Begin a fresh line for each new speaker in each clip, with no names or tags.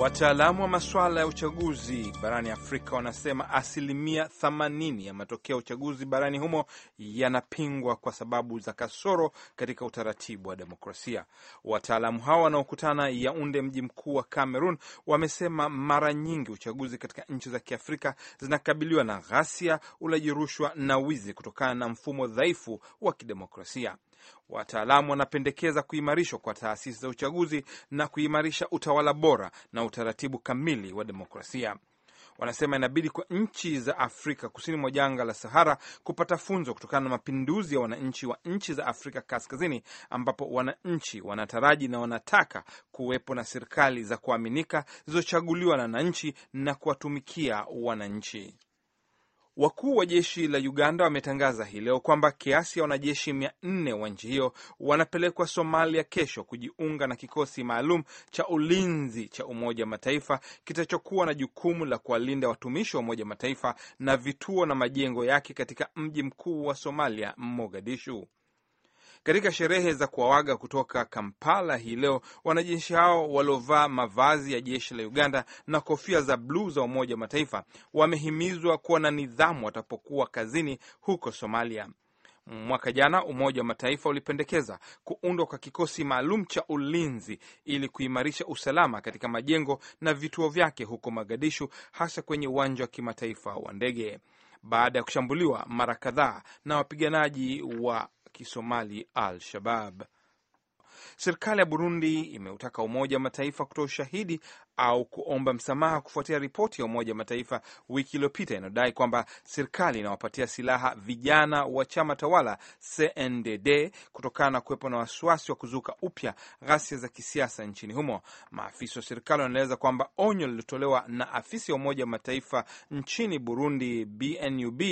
Wataalamu wa masuala ya uchaguzi barani Afrika wanasema asilimia 80 ya matokeo ya uchaguzi barani humo yanapingwa kwa sababu za kasoro katika utaratibu wa demokrasia. Wataalamu hao wanaokutana Yaunde, mji mkuu wa cameroon wamesema mara nyingi uchaguzi katika nchi za Kiafrika zinakabiliwa na ghasia, ulaji rushwa na wizi kutokana na mfumo dhaifu wa kidemokrasia. Wataalamu wanapendekeza kuimarishwa kwa taasisi za uchaguzi na kuimarisha utawala bora na utaratibu kamili wa demokrasia. Wanasema inabidi kwa nchi za Afrika kusini mwa jangwa la Sahara kupata funzo kutokana na mapinduzi ya wananchi wa nchi za Afrika kaskazini, ambapo wananchi wanataraji na wanataka kuwepo na serikali za kuaminika zilizochaguliwa na wananchi na kuwatumikia wananchi. Wakuu wa jeshi la Uganda wametangaza hii leo kwamba kiasi ya wanajeshi mia nne wa nchi hiyo wanapelekwa Somalia kesho kujiunga na kikosi maalum cha ulinzi cha Umoja wa Mataifa kitachokuwa na jukumu la kuwalinda watumishi wa Umoja wa Mataifa na vituo na majengo yake katika mji mkuu wa Somalia, Mogadishu. Katika sherehe za kuwawaga kutoka Kampala hii leo, wanajeshi hao waliovaa mavazi ya jeshi la Uganda na kofia za bluu za Umoja wa Mataifa wamehimizwa kuwa na nidhamu watapokuwa kazini huko Somalia. Mwaka jana Umoja wa Mataifa ulipendekeza kuundwa kwa kikosi maalum cha ulinzi ili kuimarisha usalama katika majengo na vituo vyake huko Mogadishu, hasa kwenye uwanja wa kimataifa wa ndege, baada ya kushambuliwa mara kadhaa na wapiganaji wa attacchi somali al-Shabaab. Serikali ya Burundi imeutaka Umoja wa Mataifa kutoa ushahidi au kuomba msamaha kufuatia ripoti ya Umoja wa Mataifa wiki iliyopita inayodai kwamba serikali inawapatia silaha vijana wa chama tawala CNDD kutokana na kuwepo na wasiwasi wa kuzuka upya ghasia za kisiasa nchini humo. Maafisa wa serikali wanaeleza kwamba onyo lililotolewa na afisi ya Umoja wa Mataifa nchini Burundi, BNUB,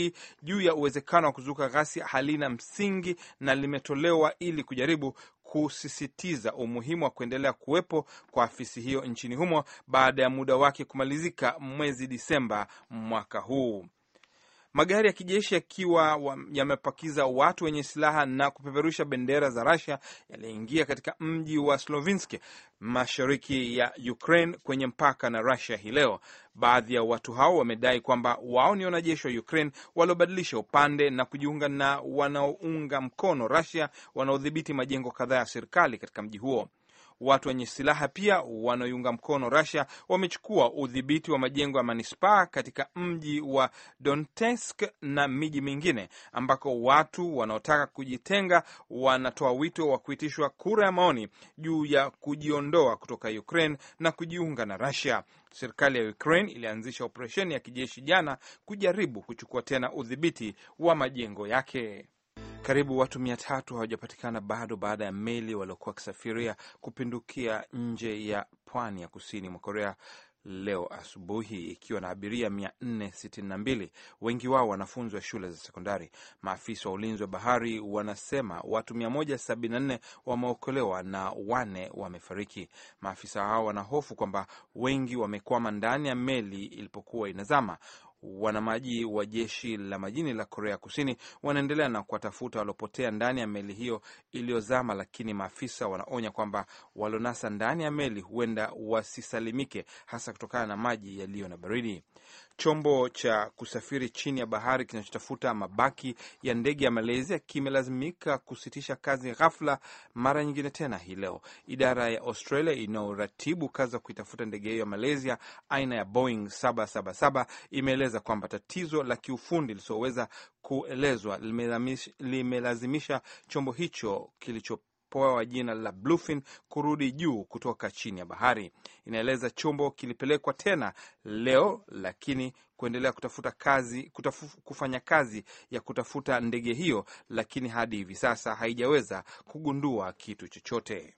juu ya uwezekano wa kuzuka ghasia halina msingi na limetolewa ili kujaribu kusisitiza umuhimu wa kuendelea kuwepo kwa afisi hiyo nchini humo baada ya muda wake kumalizika mwezi Disemba mwaka huu magari ya kijeshi yakiwa yamepakiza watu wenye silaha na kupeperusha bendera za rasia yaliingia katika mji wa Slovinski mashariki ya Ukraine kwenye mpaka na rasia hii leo. Baadhi ya watu hao wamedai kwamba wao ni wanajeshi wa Ukraine waliobadilisha upande na kujiunga na wanaounga mkono rasia wanaodhibiti majengo kadhaa ya serikali katika mji huo. Watu wenye silaha pia wanaoiunga mkono Russia wamechukua udhibiti wa majengo ya manispaa katika mji wa Donetsk na miji mingine ambako watu wanaotaka kujitenga wanatoa wito wa kuitishwa kura ya maoni juu ya kujiondoa kutoka Ukraine na kujiunga na Russia. Serikali ya Ukraine ilianzisha operesheni ya kijeshi jana kujaribu kuchukua tena udhibiti wa majengo yake. Karibu watu mia tatu hawajapatikana bado baada ya meli waliokuwa wakisafiria kupindukia nje ya pwani ya kusini mwa Korea leo asubuhi ikiwa na abiria 462, wengi wao wanafunzi wa shule za sekondari. Maafisa wa ulinzi wa bahari wanasema watu 174 wameokolewa na wane wamefariki. Maafisa hao wanahofu kwamba wengi wamekwama ndani ya meli ilipokuwa inazama wanamaji wa jeshi la majini la Korea Kusini wanaendelea na kuwatafuta waliopotea ndani ya meli hiyo iliyozama, lakini maafisa wanaonya kwamba walionasa ndani ya meli huenda wasisalimike, hasa kutokana na maji yaliyo na baridi. Chombo cha kusafiri chini ya bahari kinachotafuta mabaki ya ndege ya Malaysia kimelazimika kusitisha kazi ghafla mara nyingine tena hii leo. Idara ya Australia inayoratibu kazi za kuitafuta ndege hiyo ya Malaysia aina ya Boeing 777 imeeleza kwamba tatizo la kiufundi lisioweza kuelezwa limelazimisha chombo hicho kilicho poa wa jina la Bluefin kurudi juu kutoka chini ya bahari. Inaeleza chombo kilipelekwa tena leo, lakini kuendelea kutafuta kazi, kutafu, kufanya kazi ya kutafuta ndege hiyo, lakini hadi hivi sasa haijaweza kugundua kitu chochote.